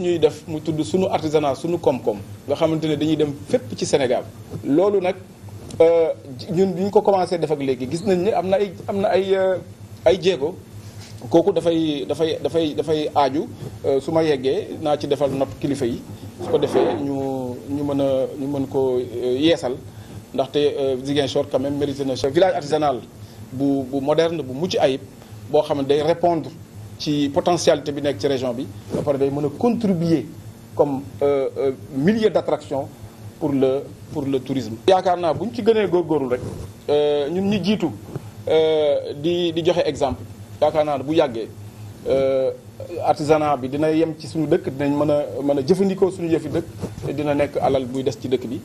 ñuy def mu tudd suñu artisanat suñu koom-koom nga xamante ne dañuy dem fépp ci Sénégal loolu nag euh, ñun bi ñu ko commencé def léegi gis nañ ne am na ay am na ay euh, ay jéego kooku dafay dafay dafay dafay aaju euh, su ma yeggee naa ci defal nopp kilifa yi su ko defee ñu ñu mën a ñu mën ko yeesal ndaxte Ziguinchor quand même mérité na village artisanal bu bu moderne bu mucc ayib boo xam ne day répondre ci potentialité bi nekk ci région bi ba pare day mën a contribuer comme euh, euh, milieu d'attraction pour le pour le tourisme. yaakaar naa bu ñu ci gënee góorgóorlu rek euh, ñun ñu jiitu di di joxe exemple yaakaar naa bu yàggee artisanat bi dina yem ci suñu dëkk dinañ mën a mën a jëfandikoo suñu yëfi dëkk te dina nekk alal buy des ci dëkk bi.